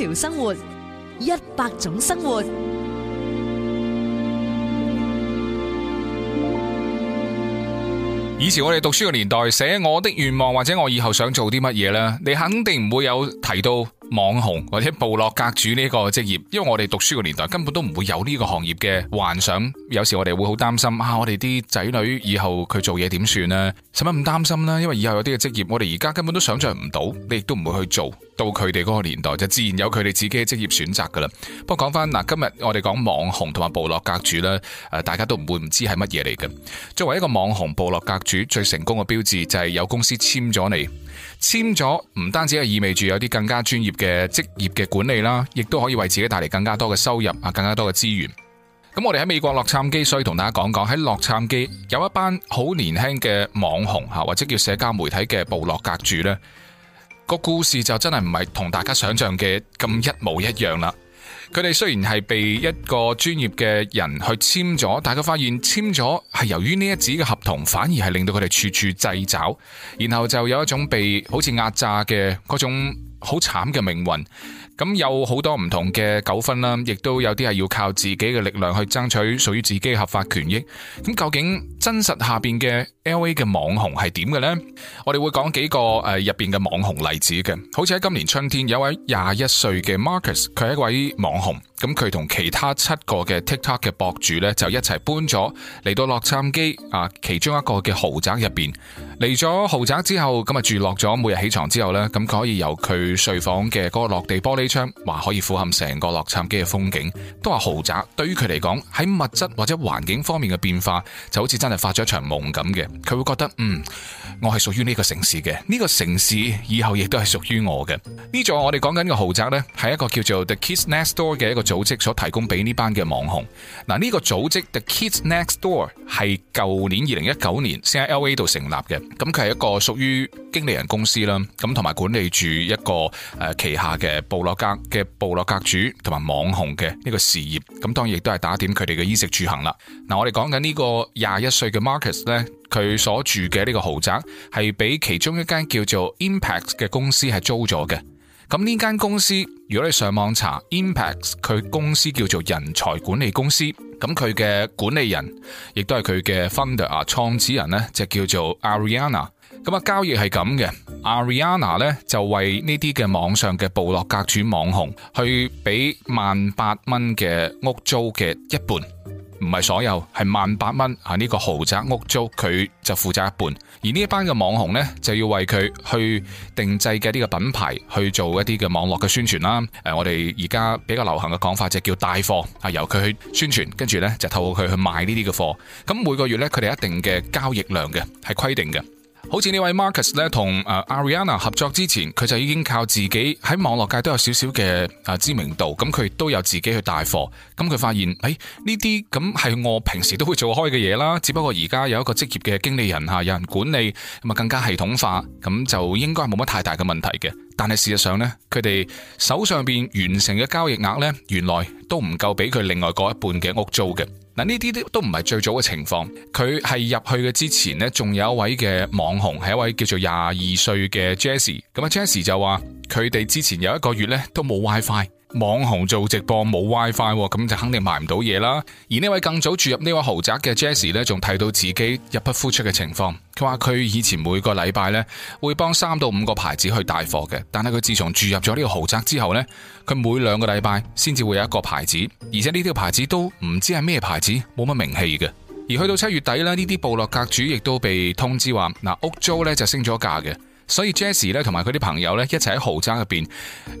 條生活，一百種生活。以前我哋讀書嘅年代，寫我的願望，或者我以後想做啲乜嘢咧，你肯定唔會有提到。網紅或者部落格主呢個職業，因為我哋讀書嘅年代根本都唔會有呢個行業嘅幻想。有時我哋會好擔心啊，我哋啲仔女以後佢做嘢點算呢？使乜唔擔心呢？因為以後有啲嘅職業，我哋而家根本都想象唔到，你亦都唔會去做。到佢哋嗰個年代，就自然有佢哋自己嘅職業選擇噶啦。不過講翻嗱，今日我哋講網紅同埋部落格主咧，誒，大家都唔會唔知係乜嘢嚟嘅。作為一個網紅部落格主最成功嘅標誌就係有公司簽咗你。簽咗唔單止係意味住有啲更加專業嘅職業嘅管理啦，亦都可以為自己帶嚟，更加多嘅收入啊，更加多嘅資源。咁我哋喺美國洛杉磯，所以同大家講講喺洛杉磯有一班好年輕嘅網紅吓，或者叫社交媒體嘅部落格主呢個故事就真係唔係同大家想象嘅咁一模一樣啦。佢哋雖然係被一個專業嘅人去簽咗，但係佢發現簽咗係由於呢一紙嘅合同，反而係令到佢哋處處掣肘，然後就有一種被好似壓榨嘅嗰種好慘嘅命運。咁有好多唔同嘅糾紛啦，亦都有啲係要靠自己嘅力量去爭取屬於自己嘅合法權益。咁究竟真實下邊嘅 L.A. 嘅網紅係點嘅呢？我哋會講幾個誒入邊嘅網紅例子嘅，好似喺今年春天有位廿一歲嘅 Marcus，佢係一位網紅。咁佢同其他七個嘅 TikTok 嘅博主呢，就一齊搬咗嚟到洛杉磯啊，其中一個嘅豪宅入邊，嚟咗豪宅之後，咁啊住落咗，每日起床之後呢，咁可以由佢睡房嘅嗰個落地玻璃。窗話可以俯瞰成個洛杉磯嘅風景，都話豪宅對於佢嚟講喺物質或者環境方面嘅變化，就好似真係發咗一場夢咁嘅。佢會覺得，嗯，我係屬於呢個城市嘅，呢、呢個城市以後亦都係屬於我嘅。呢座我哋講緊嘅豪宅呢，係一個叫做 The Kids Next Door 嘅一個組織所提供俾呢班嘅網紅。嗱，呢個組織 The Kids Next Door 係舊年二零一九年先喺 LA 度成立嘅，咁佢係一個屬於經理人公司啦，咁同埋管理住一個誒旗下嘅部落格嘅部落格主同埋網紅嘅呢個事業，咁當然亦都係打點佢哋嘅衣食住行啦。嗱，我哋講緊呢個廿一歲嘅 Marcus 咧，佢所住嘅呢個豪宅係俾其中一間叫做 Impact 嘅公司係租咗嘅。咁呢間公司如果你上網查 Impact，佢公司叫做人才管理公司。咁佢嘅管理人亦都係佢嘅 Founder 啊，創始人呢，就叫做 Ariana。咁啊！交易係咁嘅，Ariana 咧就為呢啲嘅網上嘅部落格主網紅去俾萬八蚊嘅屋租嘅一半，唔係所有係萬八蚊啊。呢個豪宅屋租佢就負責一半，而呢一班嘅網紅呢，就要為佢去定制嘅呢個品牌去做一啲嘅網絡嘅宣傳啦。誒，我哋而家比較流行嘅講法就叫帶貨，啊，由佢去宣傳，跟住呢就透過佢去賣呢啲嘅貨。咁每個月呢，佢哋一定嘅交易量嘅係規定嘅。好似呢位 Marcus 咧，同誒 Ariana 合作之前，佢就已經靠自己喺網絡界都有少少嘅誒知名度，咁佢都有自己去帶貨。咁佢發現誒呢啲咁係我平時都會做開嘅嘢啦，只不過而家有一個職業嘅經理人吓，有人管理，咁啊更加系統化，咁就應該係冇乜太大嘅問題嘅。但係事實上呢，佢哋手上邊完成嘅交易額呢，原來都唔夠俾佢另外嗰一半嘅屋租嘅。嗱，呢啲都唔係最早嘅情況，佢係入去嘅之前呢，仲有一位嘅網紅係一位叫做廿二歲嘅 Jessie。咁啊，Jessie 就話佢哋之前有一個月呢都冇 WiFi。Fi, 網紅做直播冇 WiFi，咁就肯定買唔到嘢啦。而呢位更早住入呢個豪宅嘅 Jesse 呢，仲提到自己入不敷出嘅情況。佢話佢以前每個禮拜呢會幫三到五個牌子去帶貨嘅，但係佢自從住入咗呢個豪宅之後呢，佢每兩個禮拜先至會有一個牌子，而且呢條牌子都唔知係咩牌子，冇乜名氣嘅。而去到七月底呢，呢啲部落格主亦都被通知話，嗱，屋租呢就升咗價嘅。所以 Jesse 咧同埋佢啲朋友咧一齊喺豪宅入邊，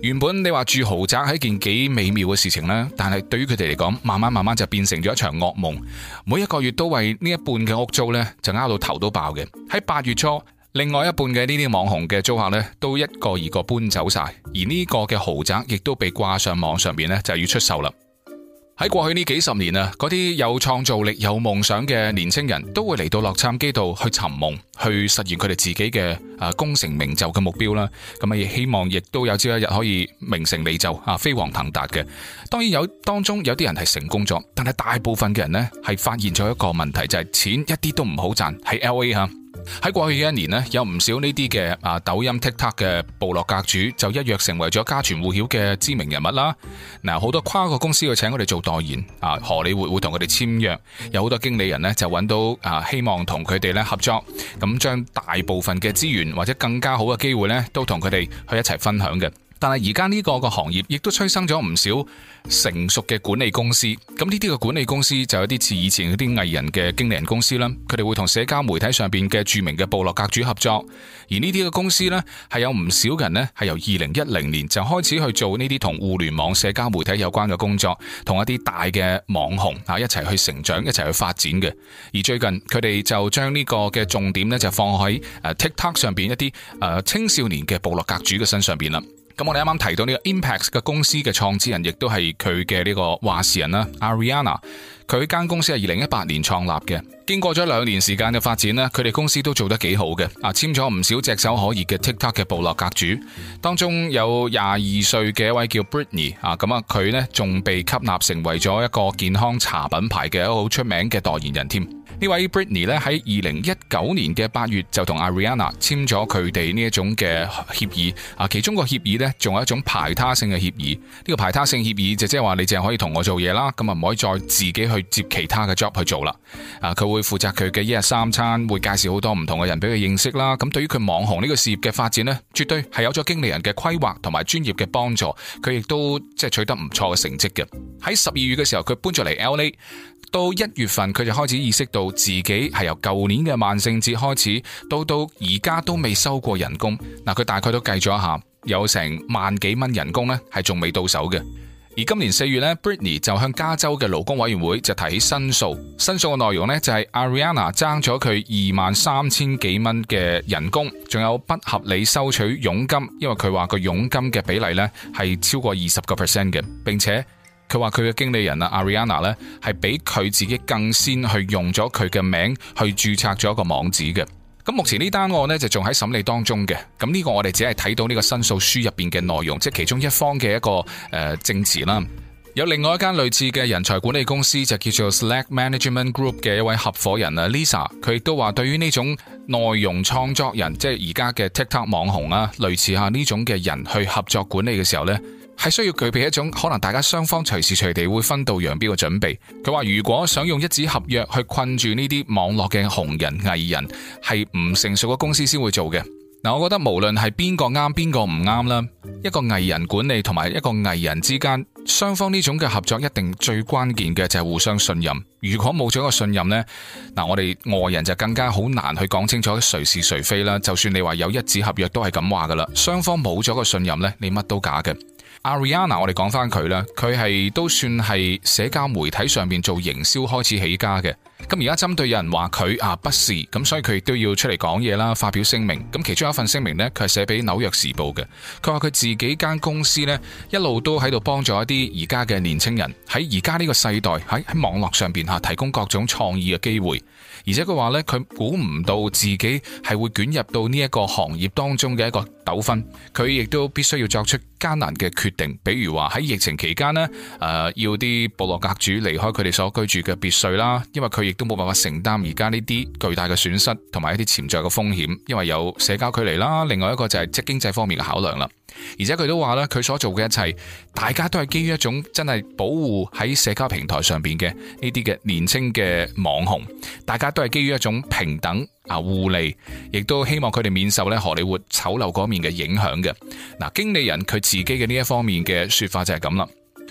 原本你話住豪宅係一件幾美妙嘅事情咧，但係對於佢哋嚟講，慢慢慢慢就變成咗一場噩夢。每一個月都為呢一半嘅屋租咧就拗到頭都爆嘅。喺八月初，另外一半嘅呢啲網紅嘅租客咧都一個二個搬走晒，而呢個嘅豪宅亦都被掛上網上面咧就要出售啦。喺過去呢幾十年啊，嗰啲有創造力、有夢想嘅年輕人都會嚟到洛杉磯度去尋夢、去實現佢哋自己嘅啊功成名就嘅目標啦。咁啊，亦希望亦都有朝一日可以名成利就啊，飛黃騰達嘅。當然有當中有啲人係成功咗，但係大部分嘅人呢，係發現咗一個問題，就係、是、錢一啲都唔好賺喺 L A 吓。喺過去嘅一年咧，有唔少呢啲嘅啊抖音 TikTok 嘅部落格主就一躍成為咗家傳戶曉嘅知名人物啦。嗱，好多跨國公司會請佢哋做代言，啊，荷里活會同佢哋簽約，有好多經理人咧就揾到啊，希望同佢哋咧合作，咁將大部分嘅資源或者更加好嘅機會咧，都同佢哋去一齊分享嘅。但係而家呢個嘅行業亦都催生咗唔少成熟嘅管理公司。咁呢啲嘅管理公司就有啲似以前嗰啲藝人嘅經理人公司啦。佢哋會同社交媒體上邊嘅著名嘅部落格主合作。而呢啲嘅公司呢，係有唔少人呢，係由二零一零年就開始去做呢啲同互聯網社交媒體有關嘅工作，同一啲大嘅網紅啊一齊去成長，一齊去發展嘅。而最近佢哋就將呢個嘅重點呢，就放喺 TikTok 上邊一啲誒青少年嘅部落格主嘅身上邊啦。咁我哋啱啱提到呢個 Impacts 嘅公司嘅創始人，亦都係佢嘅呢個話事人啦。Ariana，佢間公司係二零一八年創立嘅，經過咗兩年時間嘅發展呢，佢哋公司都做得幾好嘅。啊，簽咗唔少炙手可熱嘅 TikTok 嘅部落格主，當中有廿二歲嘅一位叫 Britney 啊，咁啊，佢呢仲被吸納成為咗一個健康茶品牌嘅一個好出名嘅代言人添。位呢位 Britney 咧，喺二零一九年嘅八月就同 Ariana 簽咗佢哋呢一種嘅協議，啊，其中個協議呢仲有一種排他性嘅協議，呢、這個排他性協議就即係話你淨係可以同我做嘢啦，咁啊唔可以再自己去接其他嘅 job 去做啦，啊，佢會負責佢嘅一日三餐，會介紹好多唔同嘅人俾佢認識啦，咁對於佢網紅呢個事業嘅發展呢，絕對係有咗經理人嘅規劃同埋專業嘅幫助，佢亦都即係取得唔錯嘅成績嘅。喺十二月嘅時候，佢搬咗嚟 LA。1 到一月份，佢就開始意識到自己係由舊年嘅萬聖節開始到到而家都未收過人工。嗱，佢大概都計咗一下，有成萬幾蚊人工呢係仲未到手嘅。而今年四月呢 Britney 就向加州嘅勞工委員會就提起申訴，申訴嘅內容呢，就係 Ariana 爭咗佢二萬三千幾蚊嘅人工，仲有不合理收取佣金，因為佢話個佣金嘅比例呢係超過二十個 percent 嘅，並且。佢話佢嘅經理人啊，Ariana 呢，係比佢自己更先去用咗佢嘅名去註冊咗一個網址嘅。咁目前呢單案呢，就仲喺審理當中嘅。咁呢個我哋只係睇到呢個申訴書入邊嘅內容，即係其中一方嘅一個誒證詞啦。有另外一間類似嘅人才管理公司就叫做 Select Management Group 嘅一位合伙人啊，Lisa，佢亦都話對於呢種內容創作人，即係而家嘅 TikTok 網紅啊，類似吓呢種嘅人去合作管理嘅時候呢。係需要具備一種可能，大家雙方隨時隨地會分道揚鑣嘅準備。佢話如果想用一紙合約去困住呢啲網絡嘅紅人藝人，係唔成熟嘅公司先會做嘅。嗱，我覺得無論係邊個啱邊個唔啱啦，一個藝人管理同埋一個藝人之間雙方呢種嘅合作，一定最關鍵嘅就係互相信任。如果冇咗個信任呢，嗱，我哋外人就更加好難去講清楚誰是誰非啦。就算你話有一紙合約都係咁話㗎啦，雙方冇咗個信任呢，你乜都假嘅。Ariana，我哋講翻佢啦，佢係都算係社交媒體上面做營銷開始起家嘅。咁而家針對有人話佢啊不是，咁所以佢亦都要出嚟講嘢啦，發表聲明。咁其中有一份聲明呢，佢係寫俾《紐約時報》嘅。佢話佢自己間公司呢，一路都喺度幫助一啲而家嘅年青人，喺而家呢個世代，喺喺網絡上邊吓提供各種創意嘅機會。而且佢話咧，佢估唔到自己係會捲入到呢一個行業當中嘅一個糾紛，佢亦都必須要作出艱難嘅決定，比如話喺疫情期間咧，誒、呃、要啲部落格主離開佢哋所居住嘅別墅啦，因為佢亦都冇辦法承擔而家呢啲巨大嘅損失同埋一啲潛在嘅風險，因為有社交距離啦。另外一個就係即經濟方面嘅考量啦。而且佢都話咧，佢所做嘅一切，大家都係基於一種真係保護喺社交平台上邊嘅呢啲嘅年輕嘅網紅。大家都。都係基於一種平等啊互利，亦都希望佢哋免受咧荷里活醜陋嗰面嘅影響嘅。嗱，經理人佢自己嘅呢一方面嘅說法就係咁啦。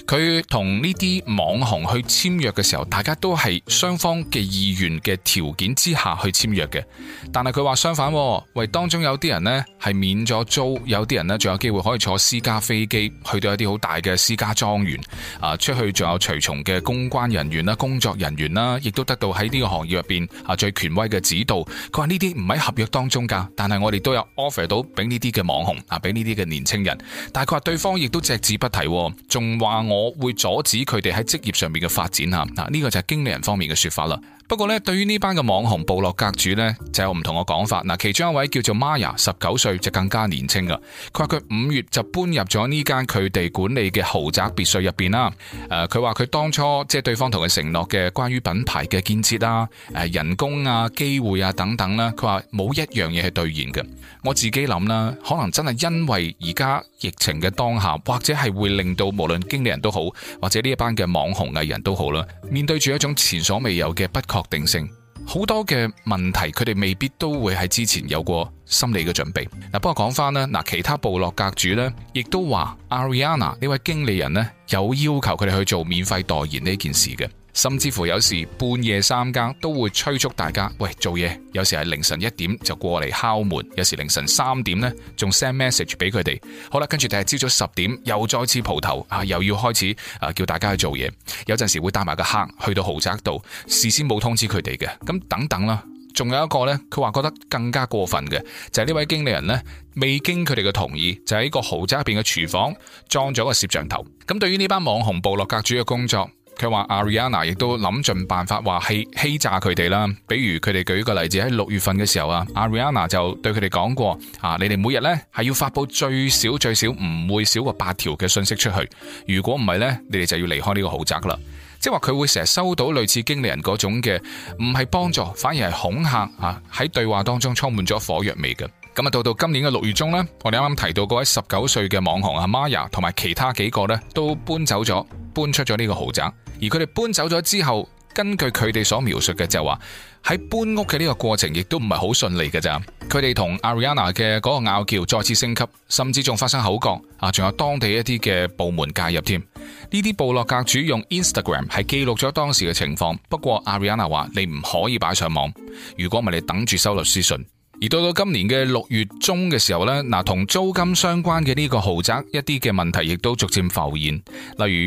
佢同呢啲網紅去簽約嘅時候，大家都係雙方嘅意願嘅條件之下去簽約嘅。但係佢話相反，哦，喂，當中有啲人咧係免咗租，有啲人咧仲有機會可以坐私家飛機去到一啲好大嘅私家莊園啊，出去仲有隨從嘅公關人員啦、工作人員啦，亦，啊、都得到喺呢個行業入邊啊最權威嘅指導。佢話呢啲唔喺合約當中㗎，但係我哋都有 offer 到俾呢啲嘅網紅啊，俾呢啲嘅年青人。但係佢話對方亦都隻字不提，哦，仲話我。我會阻止佢哋喺職業上面嘅發展啊！嗱，呢個就係經理人方面嘅說法啦。不過咧，對於呢班嘅網紅部落格主呢，就有唔同嘅講法。嗱，其中一位叫做 Mara，十九歲就更加年輕噶。佢話佢五月就搬入咗呢間佢哋管理嘅豪宅別墅入邊啦。誒、呃，佢話佢當初即係、就是、對方同佢承諾嘅關於品牌嘅建設啊，誒、呃，人工啊，機會啊等等啦。佢話冇一樣嘢係兌現嘅。我自己諗啦，可能真係因為而家疫情嘅當下，或者係會令到無論經理人都好，或者呢一班嘅網紅藝人都好啦，面對住一種前所未有嘅不確。確定性好多嘅問題，佢哋未必都會喺之前有過心理嘅準備。嗱，不過講翻啦，嗱，其他部落格主呢，亦都話 Ariana 呢位經理人呢，有要求佢哋去做免費代言呢件事嘅。甚至乎有時半夜三更都會催促大家，喂，做嘢。有時係凌晨一點就過嚟敲門，有時凌晨三點呢仲 send message 俾佢哋。好啦，跟住第日朝早十點又再次蒲頭，啊又要開始啊叫大家去做嘢。有陣時會帶埋個客去到豪宅度，事先冇通知佢哋嘅。咁等等啦，仲有一個呢，佢話覺得更加過分嘅就係呢位經理人呢，未經佢哋嘅同意，就喺個豪宅入邊嘅廚房裝咗個攝像頭。咁對於呢班網紅部落格主嘅工作。佢話 Ariana 亦都諗盡辦法話欺欺詐佢哋啦，比如佢哋舉個例子喺六月份嘅時候啊，Ariana 就對佢哋講過啊，你哋每日咧係要發布最少最少唔會少過八條嘅信息出去，如果唔係咧，你哋就要離開呢個豪宅啦。即係話佢會成日收到類似經理人嗰種嘅唔係幫助，反而係恐嚇啊，喺對話當中充滿咗火藥味嘅。咁啊，到到今年嘅六月中咧，我哋啱啱提到嗰位十九歲嘅網紅阿 m a 瑪 a 同埋其他幾個咧，都搬走咗，搬出咗呢個豪宅。而佢哋搬走咗之後，根據佢哋所描述嘅就話，喺搬屋嘅呢個過程亦都唔係好順利嘅咋。佢哋同阿 a n a 嘅嗰個拗撬再次升級，甚至仲發生口角啊！仲有當地一啲嘅部門介入添。呢啲部落格主用 Instagram 係記錄咗當時嘅情況，不過阿瑞安娜話，你唔可以擺上網，如果唔係你等住收律師信。而到到今年嘅六月中嘅時候呢嗱，同租金相關嘅呢個豪宅一啲嘅問題，亦都逐漸浮現。例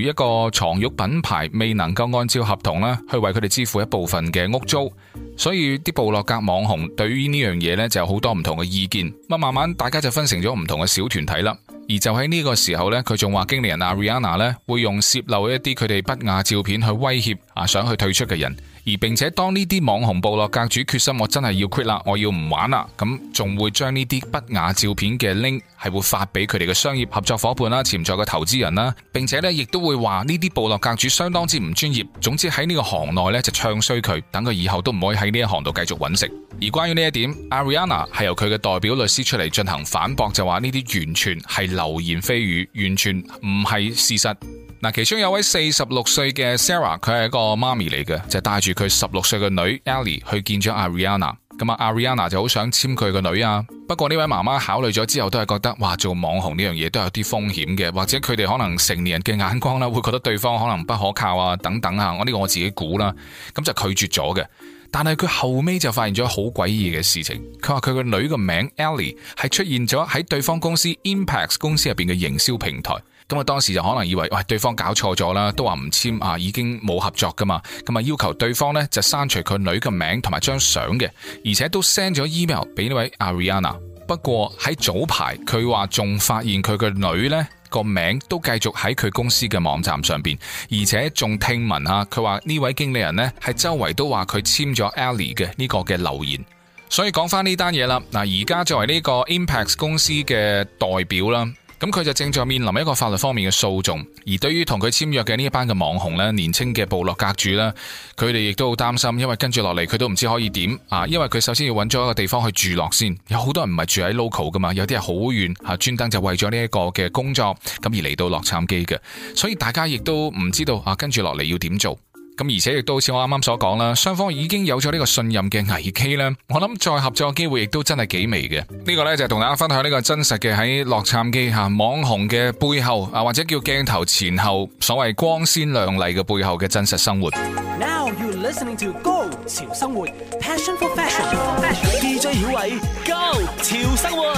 如一個藏玉品牌未能夠按照合同啦，去為佢哋支付一部分嘅屋租，所以啲部落格網紅對於呢樣嘢咧就有好多唔同嘅意見。咁慢慢大家就分成咗唔同嘅小團體啦。而就喺呢個時候咧，佢仲話經理人 Ariana 咧會用泄漏一啲佢哋不雅照片去威脅啊，想去退出嘅人。而並且當呢啲網紅部落格主決心，我真係要 quit 啦，我要唔玩啦，咁仲會將呢啲不雅照片嘅 link 係會發俾佢哋嘅商業合作伙伴啦、潛在嘅投資人啦，並且咧亦都會話呢啲部落格主相當之唔專業。總之喺呢個行內咧就唱衰佢，等佢以後都唔可以喺呢一行度繼續揾食。而關於呢一點，Ariana 係由佢嘅代表律師出嚟進行反駁，就話呢啲完全係流言蜚語，完全唔係事實。嗱，其中有位四十六歲嘅 Sarah，佢係一個媽咪嚟嘅，就帶住佢十六歲嘅女 Ellie 去見咗 Ariana。咁啊，Ariana 就好想簽佢個女啊。不過呢位媽媽考慮咗之後，都係覺得，哇，做網紅呢樣嘢都有啲風險嘅，或者佢哋可能成年人嘅眼光啦，會覺得對方可能不可靠啊，等等啊。我、這、呢個我自己估啦、啊，咁就拒絕咗嘅。但係佢後尾就發現咗好詭異嘅事情，佢話佢個女個名 Ellie 係出現咗喺對方公司 Impax 公司入邊嘅營銷平台。咁啊，當時就可能以為，喂，對方搞錯咗啦，都話唔簽啊，已經冇合作㗎嘛。咁啊，要求對方呢就刪除佢女嘅名同埋張相嘅，而且都 send 咗 email 俾呢位 Ariana。不過喺早排，佢話仲發現佢嘅女呢個名都繼續喺佢公司嘅網站上邊，而且仲聽聞啊，佢話呢位經理人呢係周圍都話佢簽咗 Ellie 嘅呢個嘅留言。所以講返呢單嘢啦，嗱，而家作為呢個 Impact 公司嘅代表啦。咁佢就正在面臨一個法律方面嘅訴訟，而對於同佢簽約嘅呢一班嘅網紅咧，年輕嘅部落格主呢，佢哋亦都好擔心，因為跟住落嚟佢都唔知可以點啊！因為佢首先要揾咗一個地方去住落先，有好多人唔係住喺 local 噶嘛，有啲係好遠吓，專登就為咗呢一個嘅工作咁而嚟到洛杉磯嘅，所以大家亦都唔知道啊，跟住落嚟要點做。咁而且亦都好似我啱啱所講啦，雙方已經有咗呢個信任嘅危機啦，我諗再合作嘅機會亦都真係幾微嘅。這個、呢個咧就係、是、同大家分享呢個真實嘅喺洛杉磯吓網紅嘅背後啊，或者叫鏡頭前後所謂光鮮亮麗嘅背後嘅真實生活。Now you listening to 高潮生活，Passion for fashion，DJ 曉偉，高潮生活，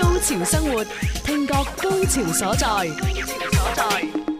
高潮生活，聽覺高潮所在。高潮所在。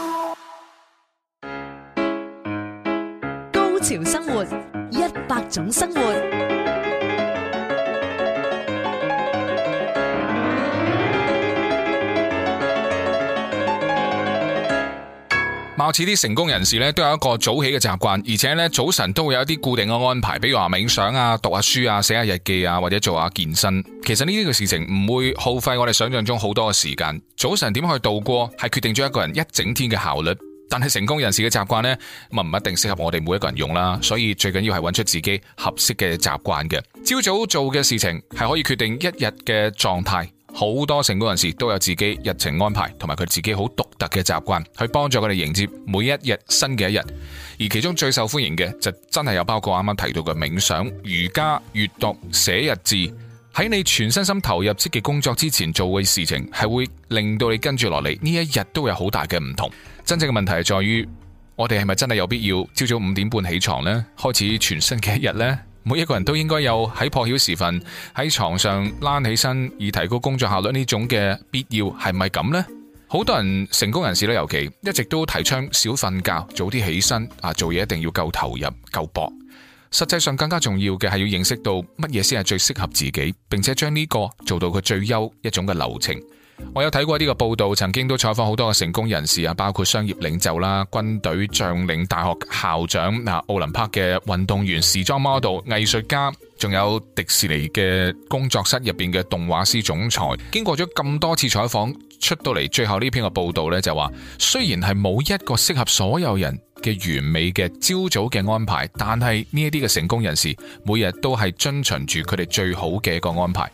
條生活，一百種生活。貌似，啲成功人士咧，都有一個早起嘅習慣，而且咧早晨都會有一啲固定嘅安排，比如話冥想啊、讀下書啊、寫下日記啊，或者做下健身。其實呢啲嘅事情唔會耗費我哋想象中好多嘅時間。早晨點去度過，係決定咗一個人一整天嘅效率。但係成功人士嘅習慣呢，咁唔一定適合我哋每一個人用啦。所以最緊要係揾出自己合適嘅習慣嘅。朝早做嘅事情係可以決定一日嘅狀態。好多成功人士都有自己日程安排，同埋佢自己好獨特嘅習慣，去幫助佢哋迎接每一日新嘅一日。而其中最受歡迎嘅就真係有包括啱啱提到嘅冥想、瑜伽、閱讀、寫日誌。喺你全身心投入積極工作之前做嘅事情，係會令到你跟住落嚟呢一日都有好大嘅唔同。真正嘅問題係在於，我哋係咪真係有必要朝早五點半起床呢？開始全新嘅一日呢，每一個人都應該有喺破曉時分喺床上爬起身，以提高工作效率呢種嘅必要係咪咁呢？好多人成功人士咧，尤其一直都提倡少瞓覺，早啲起身啊，做嘢一定要夠投入、夠搏。實際上更加重要嘅係要認識到乜嘢先係最適合自己，並且將呢個做到佢最優一種嘅流程。我有睇過呢個報道，曾經都採訪好多嘅成功人士啊，包括商業領袖啦、軍隊將領、大學校長、嗱、奧林匹克嘅運動員、時裝 model、藝術家，仲有迪士尼嘅工作室入邊嘅動畫師總裁。經過咗咁多次採訪，出到嚟最後呢篇嘅報道呢，就話，雖然係冇一個適合所有人。嘅完美嘅朝早嘅安排，但係呢一啲嘅成功人士每日都係遵循住佢哋最好嘅一個安排。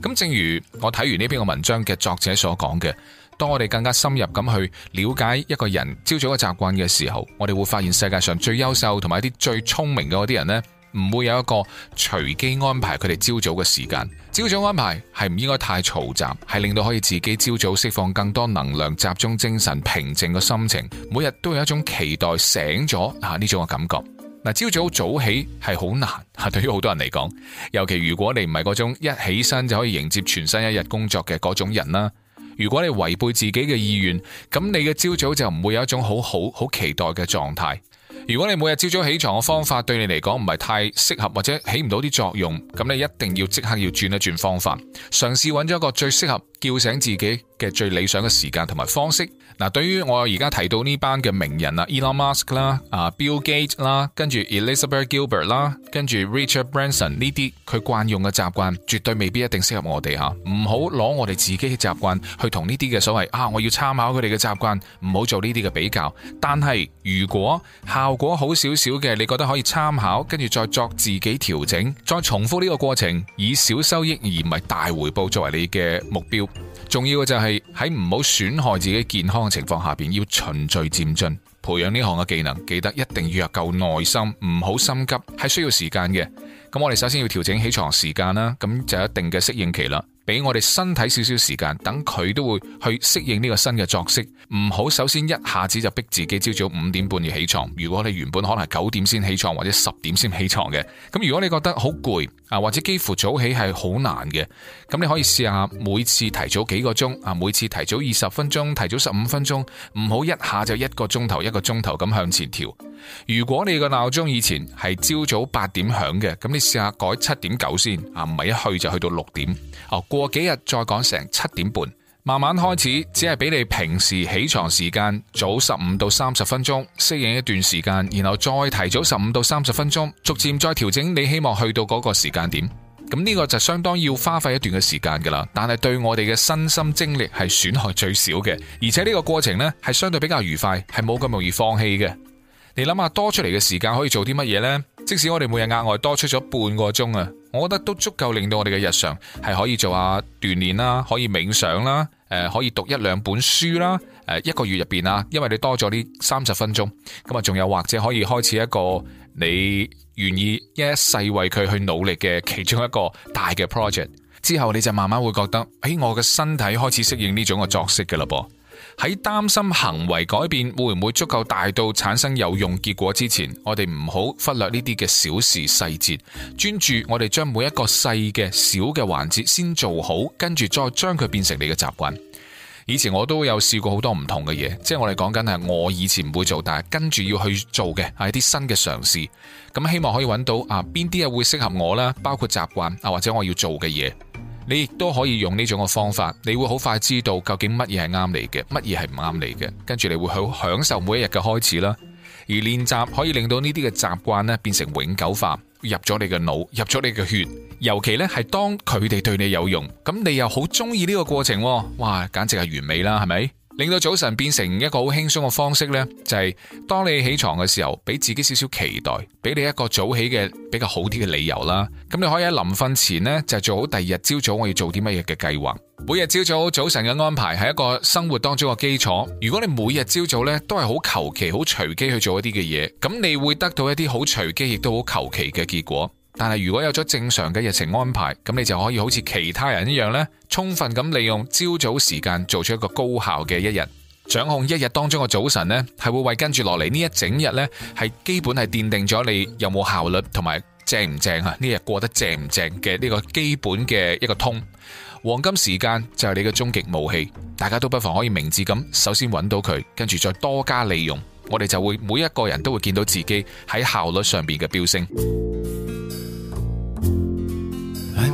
咁正如我睇完呢篇嘅文章嘅作者所講嘅，當我哋更加深入咁去了解一個人朝早嘅習慣嘅時候，我哋會發現世界上最優秀同埋一啲最聰明嗰啲人咧。唔會有一個隨機安排佢哋朝早嘅時間，朝早安排係唔應該太嘈雜，係令到可以自己朝早釋放更多能量，集中精神，平靜嘅心情，每日都有一種期待醒咗吓呢種嘅感覺。嗱，朝早早起係好難吓，對於好多人嚟講，尤其如果你唔係嗰種一起身就可以迎接全新一日工作嘅嗰種人啦。如果你違背自己嘅意願，咁你嘅朝早就唔會有一種好好好期待嘅狀態。如果你每日朝早起床嘅方法對你嚟講唔係太適合或者起唔到啲作用，咁你一定要即刻要轉一轉方法，嘗試揾咗一個最適合叫醒自己嘅最理想嘅時間同埋方式。嗱，對於我而家提到呢班嘅名人啦，Elon Musk 啦，啊 Bill Gates 啦，跟住 Elizabeth Gilbert 啦，跟住 Richard Branson 呢啲，佢慣用嘅習慣，絕對未必一定適合我哋吓，唔好攞我哋自己嘅習慣去同呢啲嘅所謂啊，我要參考佢哋嘅習慣，唔好做呢啲嘅比較。但係如果效果好少少嘅，你覺得可以參考，跟住再作自己調整，再重複呢個過程，以小收益而唔係大回報作為你嘅目標。重要嘅就係喺唔好損害自己健康嘅情況下邊，要循序漸進培養呢項嘅技能。記得一定要有夠耐心，唔好心急，係需要時間嘅。咁我哋首先要調整起床時間啦，咁就有一定嘅適應期啦。俾我哋身體少少時間，等佢都會去適應呢個新嘅作息。唔好首先一下子就逼自己朝早五點半要起床。如果你原本可能係九點先起床，或者十點先起床嘅，咁如果你覺得好攰啊，或者幾乎早起係好難嘅，咁你可以試下每次提早幾個鐘啊，每次提早二十分鐘，提早十五分鐘，唔好一下就一個鐘頭一個鐘頭咁向前調。如果你個鬧鐘以前係朝早八點響嘅，咁你試下改七點九先啊，唔係一去就去到六點哦。過幾日再講成七點半，慢慢開始，只係俾你平時起床時間早十五到三十分鐘，適應一段時間，然後再提早十五到三十分鐘，逐漸再調整你希望去到嗰個時間點。咁呢個就相當要花費一段嘅時間噶啦，但係對我哋嘅身心精力係損害最少嘅，而且呢個過程呢係相對比較愉快，係冇咁容易放棄嘅。你諗下多出嚟嘅時間可以做啲乜嘢呢？即使我哋每日額外多出咗半個鐘啊，我覺得都足夠令到我哋嘅日常係可以做下鍛煉啦，可以冥想啦，誒、呃，可以讀一兩本書啦，誒、呃，一個月入邊啦，因為你多咗呢三十分鐘，咁啊，仲有或者可以開始一個你願意一世為佢去努力嘅其中一個大嘅 project，之後你就慢慢會覺得，誒、哎，我嘅身體開始適應呢種嘅作息嘅嘞噃。喺擔心行為改變會唔會足夠大到產生有用結果之前，我哋唔好忽略呢啲嘅小事細節，專注我哋將每一個細嘅小嘅環節先做好，跟住再將佢變成你嘅習慣。以前我都有試過好多唔同嘅嘢，即係我哋講緊係我以前唔會做，但係跟住要去做嘅係一啲新嘅嘗試。咁希望可以揾到啊邊啲啊會適合我啦，包括習慣啊或者我要做嘅嘢。你亦都可以用呢種嘅方法，你會好快知道究竟乜嘢係啱你嘅，乜嘢係唔啱你嘅，跟住你會好享受每一日嘅開始啦。而練習可以令到呢啲嘅習慣咧變成永久化，入咗你嘅腦，入咗你嘅血。尤其咧係當佢哋對你有用，咁你又好中意呢個過程，哇，簡直係完美啦，係咪？令到早晨變成一個好輕鬆嘅方式呢，就係當你起床嘅時候，俾自己少少期待，俾你一個早起嘅比較好啲嘅理由啦。咁你可以喺臨瞓前呢，就做好第二日朝早我要做啲乜嘢嘅計劃。每日朝早早晨嘅安排係一個生活當中嘅基礎。如果你每日朝早呢都係好求其、好隨機去做一啲嘅嘢，咁你會得到一啲好隨機亦都好求其嘅結果。但係如果有咗正常嘅日程安排，咁你就可以好似其他人一樣呢，充分咁利用朝早時間，做出一個高效嘅一日。掌控一日當中嘅早晨呢，係會為跟住落嚟呢一整日呢，係基本係奠定咗你有冇效率同埋正唔正啊？呢日過得正唔正嘅呢個基本嘅一個通黃金時間就係你嘅終極武器。大家都不妨可以明智咁，首先揾到佢，跟住再多加利用，我哋就會每一個人都會見到自己喺效率上面嘅飆升。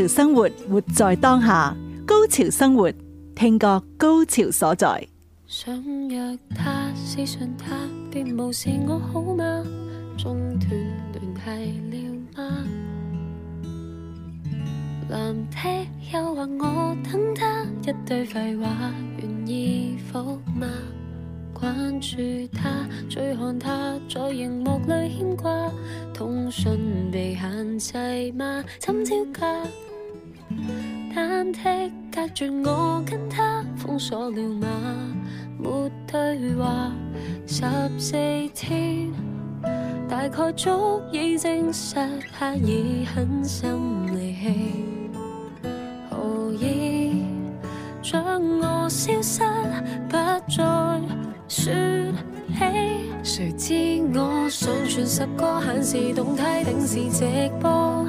潮生活，活在當下。高潮生活，聽覺高潮所在。想約他私信他，別無視我好嗎？中斷聯繫了嗎？藍剔又話我等他，一堆廢話願意否嗎？關注他追看他，在熒幕裡牽掛。通訊被限制嗎？怎招架？忐忑隔絕我跟他封鎖了嗎？沒對話十四天，大概足以證實他已狠心離棄。何以將我消失，不再說起。誰知我上傳十個限時動態，定時直播。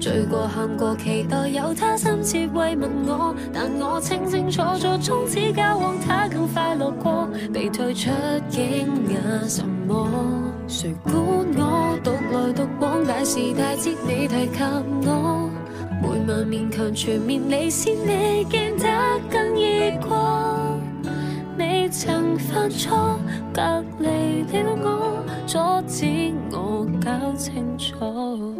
醉過、喊過，期待有他深切慰問我，但我清清楚楚，終止交往他更快樂過，被退出驚訝、啊、什麼？誰管我獨來獨往，大時大節你提及我，每晚勉強全面離線，你見得更易過，未曾犯錯，隔離了我，阻止我搞清楚。